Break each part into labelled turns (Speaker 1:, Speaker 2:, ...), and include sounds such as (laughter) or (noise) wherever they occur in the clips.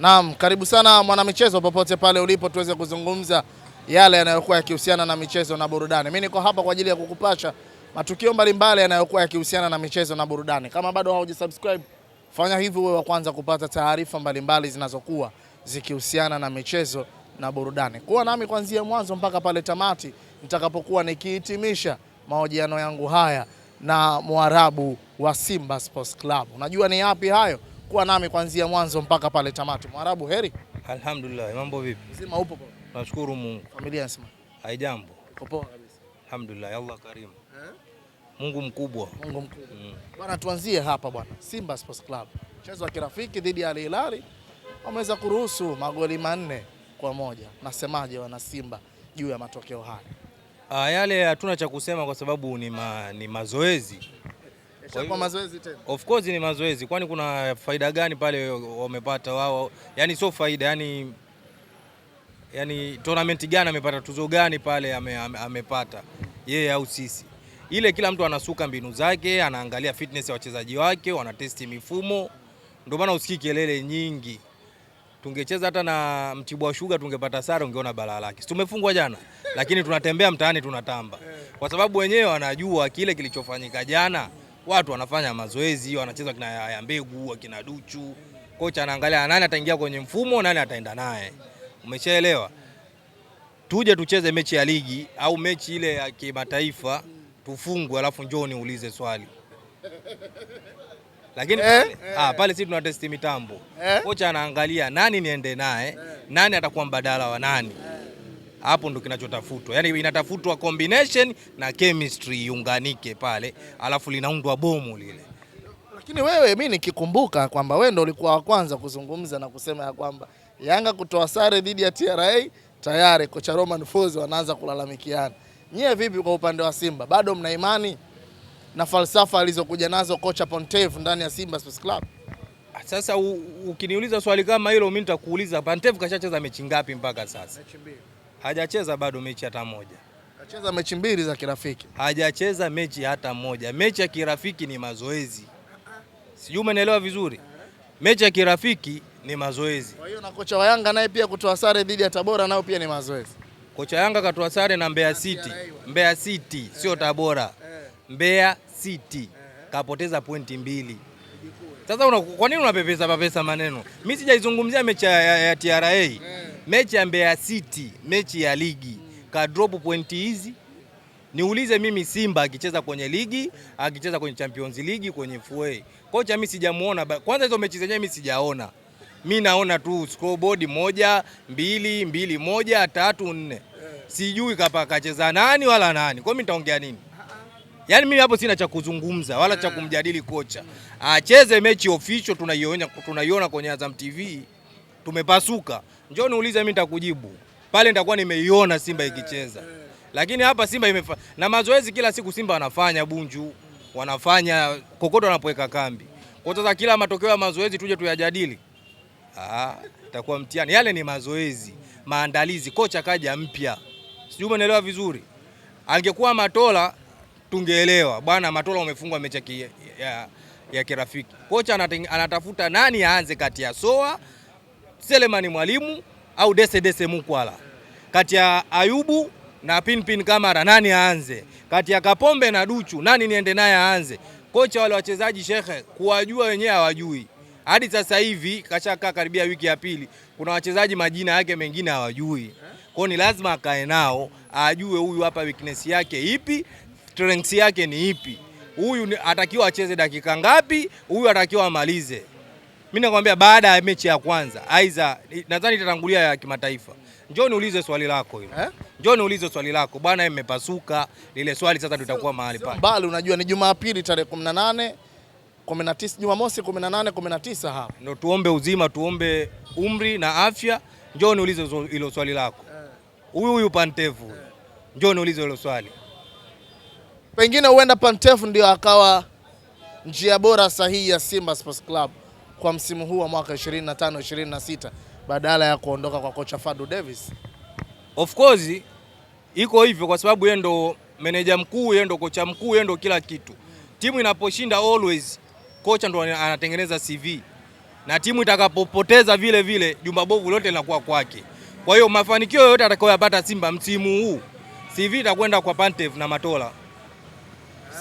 Speaker 1: Naam, karibu sana mwanamichezo, popote pale ulipo, tuweze kuzungumza yale yanayokuwa yakihusiana na michezo na burudani. Mimi niko hapa kwa ajili ya kukupasha matukio mbalimbali yanayokuwa yakihusiana na michezo na burudani. Kama bado haujasubscribe, fanya hivyo uwe wa kwanza kupata taarifa mbalimbali zinazokuwa zikihusiana na michezo na burudani. Kuwa nami kuanzia mwanzo mpaka pale tamati nitakapokuwa nikihitimisha mahojiano yangu haya na Mwarabu wa Simba Sports Club. Unajua ni yapi hayo? kuwa nami kuanzia mwanzo mpaka pale tamati. Mwarabu, heri.
Speaker 2: Alhamdulillah, mambo vipi?
Speaker 1: Mzima upo bwana?
Speaker 2: Nashukuru Mungu. Familia nasema haijambo?
Speaker 1: Poa kabisa.
Speaker 2: Alhamdulillah, Allah karimu. Eh? Mungu mkubwa.
Speaker 1: Mungu mkubwa. Mm. Bwana, tuanzie hapa bwana. Simba Sports Club. Mchezo wa kirafiki dhidi ya Al Hilal wameweza kuruhusu magoli manne kwa moja. Nasemaje wana Simba juu ya matokeo haya?
Speaker 2: Ah, yale hatuna cha kusema kwa sababu ni, ma, ni mazoezi
Speaker 1: kwa mazoezi tena.
Speaker 2: Of course ni mazoezi, kwani kuna faida gani pale wamepata wao? Yani sio faida, yani yani tournament gani amepata, tuzo gani pale ame, ame, amepata yeye yeah, au sisi? Ile kila mtu anasuka mbinu zake, anaangalia fitness ya wachezaji wake, wanatesti mifumo, ndio maana usikii kelele nyingi. Tungecheza hata na Mtibwa Sugar tungepata sare, ungeona balaa lake. Tumefungwa jana, lakini tunatembea mtaani tunatamba, (laughs) eh. kwa sababu wenyewe wanajua kile kilichofanyika jana watu wanafanya mazoezi, wanacheza kina ya mbegu, akina duchu. Kocha anaangalia nani ataingia kwenye mfumo, nani ataenda naye. Umeshaelewa? Tuje tucheze mechi ya ligi au mechi ile ya kimataifa tufungwe, alafu njoo niulize swali lakini eh, eh, ah, pale sisi tuna testi mitambo eh. Kocha anaangalia nani niende naye eh, nani atakuwa mbadala wa nani eh hapo ndo kinachotafutwa, yani inatafutwa combination na chemistry iunganike pale, alafu linaundwa bomu lile.
Speaker 1: Lakini wewe, mi nikikumbuka kwamba wewe ndo ulikuwa wa kwanza kuzungumza na kusema ya kwamba Yanga kutoa sare dhidi ya TRA tayari kocha Roman Folz wanaanza kulalamikiana. Nyie vipi kwa upande wa Simba, bado mna imani na falsafa alizokuja nazo kocha Pantev ndani ya Simba Sports Club?
Speaker 2: Sasa ukiniuliza swali kama hilo, mimi nitakuuliza Pantev kashacheza mechi ngapi mpaka sasa? Mechi mbili hajacheza bado mechi hata moja.
Speaker 1: Hajacheza mechi mbili za kirafiki,
Speaker 2: hajacheza mechi hata moja. Mechi ya kirafiki ni mazoezi, sijui umenielewa vizuri. Mechi ya kirafiki ni mazoezi. Kwa
Speaker 1: hiyo na kocha wa Yanga naye pia kutoa sare dhidi ya Tabora nao pia ni mazoezi.
Speaker 2: Kocha Yanga katoa sare na Mbeya City, Mbeya City sio eh. Tabora, eh. Mbeya City eh. kapoteza pointi mbili. Sasa kwa nini unapepesa papesa maneno? Mimi sijaizungumzia mechi ya, ya, ya TRA mechi ya Mbeya City, mechi ya ligi ka drop point hizi. Niulize mimi Simba akicheza kwenye ligi, akicheza kwenye Champions League, kwenye FA. Kocha mimi sijamuona. Kwanza hizo mechi zenyewe mimi sijaona. Mi naona tu scoreboard moja, mbili, mbili moja, tatu, nne. Sijui kapa kacheza nani wala nani. Kwa hiyo mimi nitaongea nini? Yaani mimi hapo sina cha kuzungumza wala cha kumjadili kocha. Acheze mechi official tunaiona tunaiona kwenye Azam TV tumepasuka, njoo niulize mimi nitakujibu pale. Nitakuwa nimeiona Simba ikicheza, lakini hapa Simba imefa... na mazoezi kila siku Simba wanafanya Bunju, wanafanya kokoto wanapoweka kambi. Kwa sasa kila matokeo ya mazoezi tuje tuyajadili, ah, itakuwa mtihani. Yale ni mazoezi, maandalizi. Kocha kaja mpya, sijui umeelewa vizuri. Angekuwa Matola tungeelewa bwana, Matola umefungwa mechi ya, ya kirafiki. Kocha anatafuta nani aanze kati ya Soa Selemani Mwalimu au Dese Dese Mukwala, kati ya Ayubu na Pinpin Kamara nani aanze? Kati ya Kapombe na Duchu nani niende naye aanze? Kocha wale wachezaji shekhe, kuwajua wenyewe hawajui hadi sasa hivi, kashakaa karibia wiki ya pili. Kuna wachezaji majina yake mengine hawajui, kwao ni lazima akae nao ajue huyu hapa weakness yake ipi, strength yake ni ipi, huyu atakiwa acheze dakika ngapi, huyu atakiwa amalize. Mimi nakwambia baada ya mechi ya kwanza aiza, nadhani itatangulia ya kimataifa. Njoo niulize swali lako hilo eh? Njoo niulize swali lako bwana, imepasuka lile swali sasa, tutakuwa mahali pale
Speaker 1: bali. Unajua ni Jumapili tarehe 18 19, Jumamosi 18 19, hapo.
Speaker 2: ndio tuombe uzima, tuombe umri na afya. Njoo niulize hilo swali lako eh. huyu huyu Pantevu, eh. njoo niulize hilo swali.
Speaker 1: Pengine huenda Pantevu ndio akawa njia bora sahihi ya Simba Sports Club kwa msimu huu wa mwaka 25 26 badala ya kuondoka kwa kocha Fadu Davis?
Speaker 2: Of course iko hivyo kwa sababu yeye ndo meneja mkuu, yeye ndo kocha mkuu, yeye ndo kila kitu. Timu inaposhinda always kocha ndo anatengeneza CV na timu itakapopoteza vile vile jumba bovu lote linakuwa kwake. Kwa hiyo mafanikio yote atakayoyapata Simba msimu huu CV itakwenda kwa Pantev na Matola,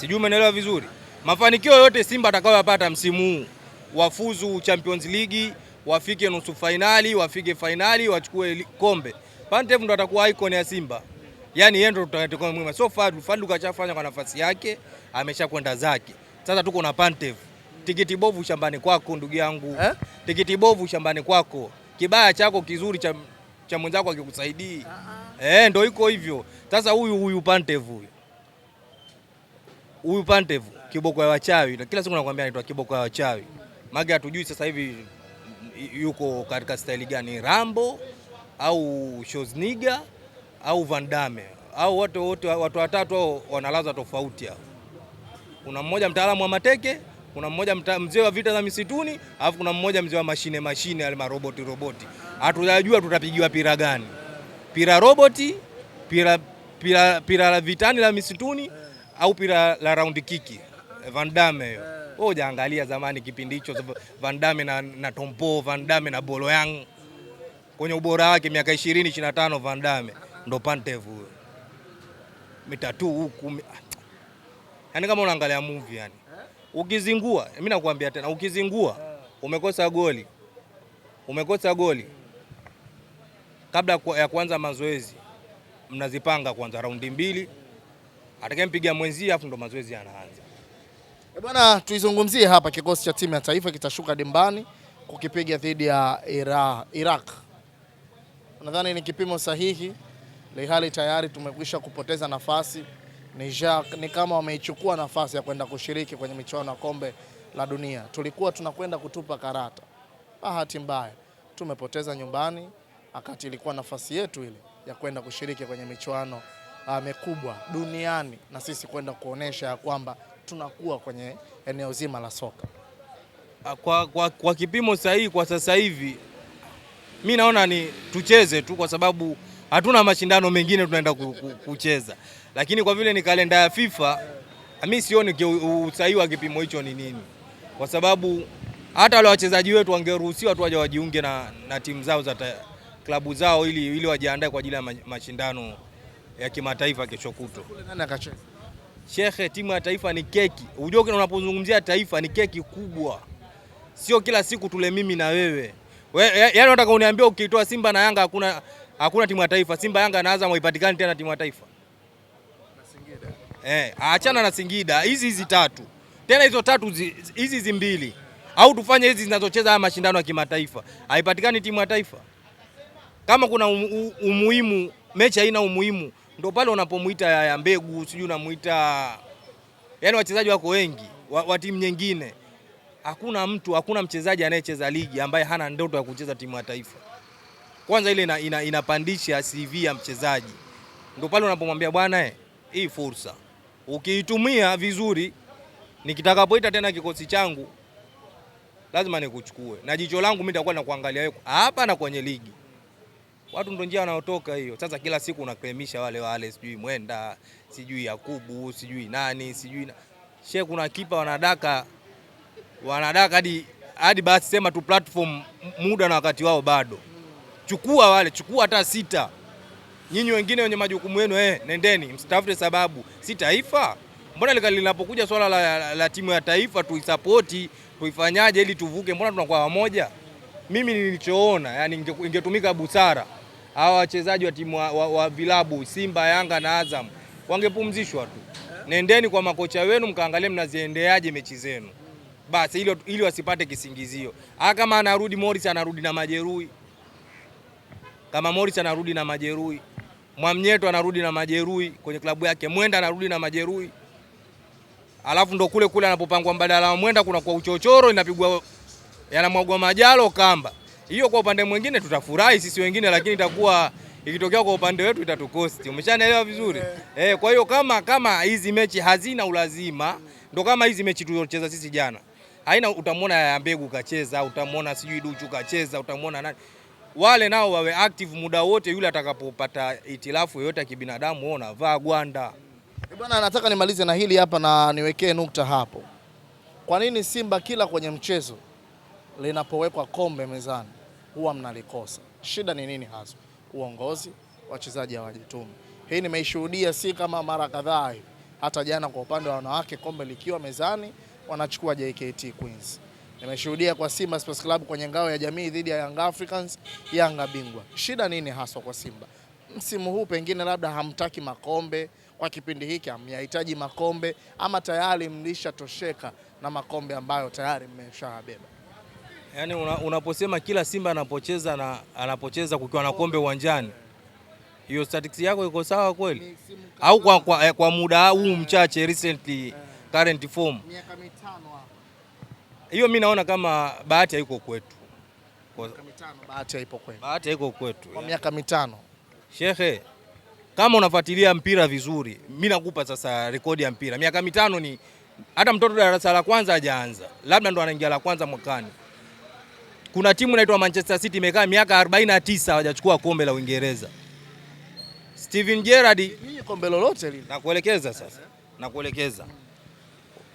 Speaker 2: sijui umeelewa vizuri. Mafanikio yote Simba atakayoyapata msimu huu wafuzu Champions League, wafike nusu fainali, wafike fainali, wachukue kombe. Pantev ndo atakuwa icon ya Simba. Yaani yeye ndo tutakayetoka mwema. So Fadlu, Fadlu kachafanya kwa nafasi yake, ameshakwenda zake. Sasa tuko na Pantev. Tikiti bovu shambani kwako ndugu yangu. Eh? Tikiti bovu shambani kwako. Kibaya chako kizuri cha cha mwenzako akikusaidii. Uh -huh. Eh, ndo iko hivyo. Sasa huyu huyu Pantev huyu. Huyu Pantev kiboko ya wachawi. Na kila siku nakwambia anaitwa kiboko ya wachawi. Mage hatujui sasa hivi yuko katika staili gani, Rambo au Schwarzenegger au vandame au watu wote watu watatu au wanalaza tofauti hao. Kuna mmoja mtaalamu wa mateke, kuna mmoja mzee wa vita za misituni, alafu kuna mmoja mzee wa mashine mashine yale maroboti roboti. Hatujajua tutapigiwa pira gani, pira roboti, pira pira pira la vitani la misituni au pira la round kiki Vandame wewe hujaangalia zamani kipindi hicho Van Damme na, na Tompo, Van Damme na Bolo Yang kwenye ubora wake miaka 20 25, Van Damme ndo Pantev huyo, tu huku ah, Yaani kama unaangalia movie yani, ukizingua, mimi nakwambia tena, ukizingua umekosa goli, umekosa goli kabla ya kuanza mazoezi mnazipanga kwanza raundi mbili, atakaye mwenzie mwenzi, afu ndo mazoezi yanaanza.
Speaker 1: Eh, bwana, tuizungumzie hapa, kikosi cha timu ya taifa kitashuka dimbani kukipiga dhidi ya Iraq. Nadhani ni kipimo sahihi, lihali tayari tumekwisha kupoteza nafasi. Niger ni kama wameichukua nafasi ya kwenda kushiriki kwenye michuano ya kombe la dunia. Tulikuwa tunakwenda kutupa karata, bahati mbaya tumepoteza nyumbani, akati ilikuwa nafasi yetu ile ya kwenda kushiriki kwenye michuano ah, mikubwa duniani na sisi kwenda kuonesha ya kwamba tunakuwa kwenye eneo zima la soka
Speaker 2: ah, kwa, kwa, kwa kipimo sahihi kwa sasa hivi. Mi naona ni tucheze tu, kwa sababu hatuna mashindano mengine tunaenda kucheza, lakini kwa vile ni kalenda ya FIFA, ah, mi sioni usahihi wa kipimo hicho ni nini, kwa sababu hata wale wachezaji wetu wangeruhusiwa tu waje wajiunge na, na timu zao za klabu zao ili, ili wajiandae kwa ajili ya mashindano ya kimataifa kesho kutwa. Shekhe, timu ya taifa ni keki. Unajua unapozungumzia taifa ni keki kubwa, sio kila siku tule mimi na wewe. We, yaani unataka uniambia ukitoa Simba na Yanga hakuna hakuna timu ya taifa. Simba Yanga na Azam haipatikani tena timu ya taifa. Na Singida. Eh, achana na Singida. Hizi hizi tatu. Tena hizo tatu hizi hizi mbili. Au tufanye hizi zinazocheza haya mashindano ya kimataifa. Haipatikani timu ya taifa. Kama kuna umuhimu mechi haina umuhimu ndo pale unapomwita ya mbegu, sijui unamwita yani, wachezaji wako wengi wa, wa timu nyingine. Hakuna mtu, hakuna mchezaji anayecheza ligi ambaye hana ndoto ya kucheza timu ya taifa. Kwanza ile ina, ina, inapandisha CV ya mchezaji, ndo pale unapomwambia bwana, eh, hii fursa ukiitumia vizuri, nikitakapoita tena kikosi changu lazima nikuchukue, na jicho langu mimi nitakuwa nakuangalia wewe hapa na kwenye ligi watu ndio njia wanaotoka hiyo. Sasa kila siku unaklemisha wale wale, sijui Mwenda, sijui Yakubu, sijui nani, sijui na... she kuna kipa wanadaka wanadaka hadi hadi basi sema tu platform muda na wakati wao bado. Chukua wale, chukua hata sita. Nyinyi wengine wenye majukumu yenu eh, nendeni msitafute sababu, si taifa. Mbona linapokuja swala la, la, la timu ya taifa tuisapoti, tuifanyaje ili tuvuke? Mbona tunakuwa wamoja? Mimi nilichoona yani, ingetumika busara hawa wachezaji wa timu wa, wa vilabu Simba, Yanga na Azam wangepumzishwa tu. Nendeni kwa makocha wenu mkaangalie mnaziendeaje mechi zenu basi, ili, ili wasipate kisingizio. Aa, kama anarudi Morris anarudi na majeruhi, kama Morris anarudi na majeruhi, Mwamnyeto anarudi na majeruhi kwenye klabu yake, Mwenda anarudi na majeruhi, alafu ndo kule kule anapopangwa mbadala wa Mwenda kuna kwa uchochoro inapigwa yanamwagwa majalo kamba hiyo kwa upande mwingine tutafurahi sisi wengine, lakini itakuwa ikitokea kwa upande wetu itatukosti. Umeshanaelewa vizuri eh. eh? kwa hiyo kama kama hizi mechi hazina ulazima, ndo kama hizi mechi tuliocheza sisi jana haina, utamwona ya mbegu kacheza, utamwona sijui duchu kacheza, utamwona nani wale nao wawe active muda wote, yule atakapopata itilafu yoyote ya kibinadamu, wao unavaa gwanda
Speaker 1: eh, bwana. Nataka nimalize na hili hapa na niwekee nukta hapo. Kwa nini Simba kila kwenye mchezo linapowekwa kombe mezani huwa mnalikosa. Shida ni nini hasa? Uongozi, wachezaji hawajitumi. Hii nimeishuhudia si kama mara kadhaa hivi, hata jana kwa upande wa wanawake kombe likiwa mezani wanachukua JKT Queens. Nimeshuhudia kwa Simba Sports Club kwenye ngao ya jamii dhidi ya Young Africans, Yanga bingwa. Shida nini haswa kwa Simba msimu huu? Pengine labda hamtaki makombe kwa kipindi hiki, hamyahitaji makombe ama tayari mlishatosheka na makombe ambayo tayari mmeshayabeba?
Speaker 2: yaani unaposema kila Simba anapocheza na anapocheza kukiwa na kombe uwanjani, hiyo statistics yako iko sawa kweli? Au kwa, kwa, eh, kwa muda huu mchache recently eh. current form, miaka mitano hapo, hiyo mi naona kama bahati haiko kwetu. Bahati haiko kwetu
Speaker 1: kwa miaka mitano,
Speaker 2: shekhe kama unafuatilia mpira vizuri, mi nakupa sasa rekodi ya mpira. Miaka mitano ni hata mtoto darasa la kwanza hajaanza, labda ndo anaingia la kwanza mwakani. Kuna timu inaitwa Manchester City imekaa miaka 49 hawajachukua kombe la Uingereza. Steven Gerrard
Speaker 1: kombe lolote lile.
Speaker 2: Nakuelekeza sasa. Nakuelekeza.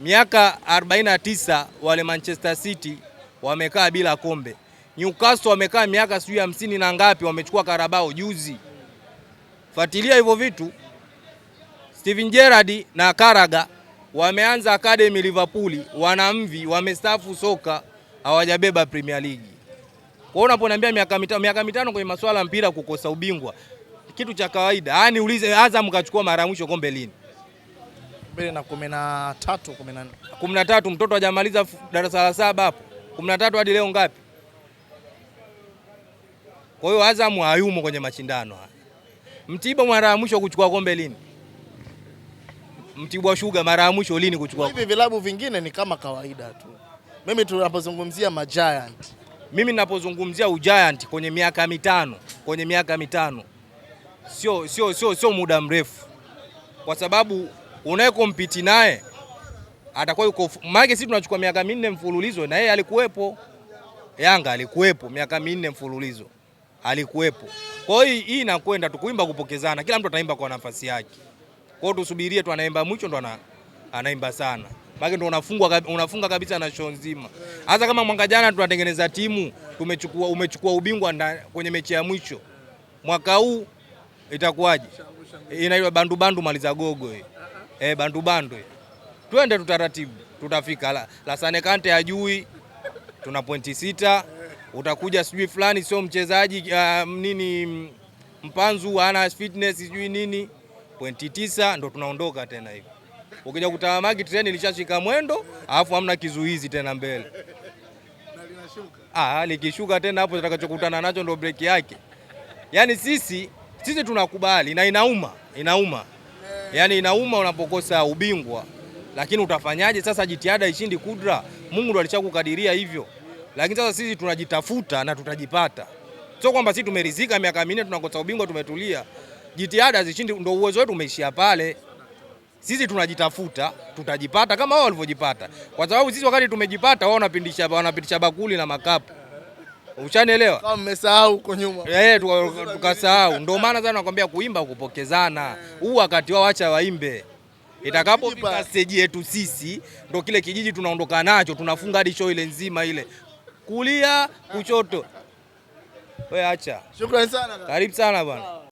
Speaker 2: Miaka 49 wale Manchester City wamekaa bila kombe. Newcastle wamekaa miaka sijui hamsini na ngapi wamechukua Karabao juzi. Fuatilia hivyo vitu. Steven Gerrard na Karaga wameanza academy Liverpool, wanamvi wamestaafu soka hawajabeba Premier League. Kwa hiyo unaponiambia miaka mitano, miaka mitano kwenye masuala mpira kukosa ubingwa kitu cha kawaida. Yaani ah, ulize Azam kachukua mara ya mwisho kombe lini?
Speaker 1: Na na tatu,
Speaker 2: kumi na mtoto hajamaliza darasa la saba hapo. 13 hadi leo ngapi? Kwa hiyo Azam hayumo kwenye mashindano haya. Mtibwa mara ya mwisho kuchukua kombe lini? Mtibwa Sugar mara ya mwisho lini kuchukua?
Speaker 1: Hivi vilabu vingine ni kama kawaida tu. Mimi tunapozungumzia magiant,
Speaker 2: mimi ninapozungumzia ugiant kwenye miaka mitano, kwenye miaka mitano sio, sio, sio, sio muda mrefu, kwa sababu unayekompiti naye atakuwa yuko maana, sisi tunachukua miaka minne mfululizo, na yeye alikuwepo. Yanga alikuwepo miaka minne mfululizo, alikuwepo. Kwa hiyo hii inakwenda tu kuimba kupokezana, kila mtu ataimba kwa nafasi yake. Kwa hiyo tusubirie tu, anaimba mwisho ndo anaimba sana maana ndo unafungwa unafunga kabisa na show nzima. Hata kama mwaka jana tunatengeneza timu tumechukua, umechukua ubingwa nda, kwenye mechi ya mwisho mwaka huu itakuwaje? Inaitwa bandu bandu maliza gogo eh. Eh, bandu bandu. Twende tutaratibu, tutafika. La, la Sane Kante hajui tuna pointi sita, utakuja sijui fulani sio mchezaji uh, nini mpanzu ana fitness sijui nini, pointi tisa ndo tunaondoka tena hivi. Ukija kutama maki treni lishashika mwendo, alafu hamna kizuizi tena mbele. Ah, likishuka tena hapo tutakachokutana nacho ndio breki yake. Yaani sisi sisi tunakubali na inauma, inauma. Yaani inauma unapokosa ubingwa. Lakini utafanyaje sasa? Jitihada ishindi kudra. Mungu ndo alishakukadiria hivyo. Lakini sasa sisi tunajitafuta na tutajipata. Sio kwamba sisi tumerizika miaka minne tunakosa ubingwa tumetulia. Jitihada zishindi, ndio uwezo wetu umeishia pale. Sisi tunajitafuta tutajipata kama wao walivyojipata, kwa sababu sisi wakati tumejipata wao wanapindisha wanapindisha bakuli na makapu. Ushanielewa?
Speaker 1: Kama mmesahau huko nyuma.
Speaker 2: Eh, tukasahau. Ndio maana sana nakwambia kuimba kupokezana. Huu wakati wao acha waimbe. Itakapofika stage yetu sisi ndo kile kijiji tunaondoka nacho, tunafunga hadi show ile nzima ile. Kulia, kushoto. Wewe acha. Shukrani sana. Karibu sana bwana.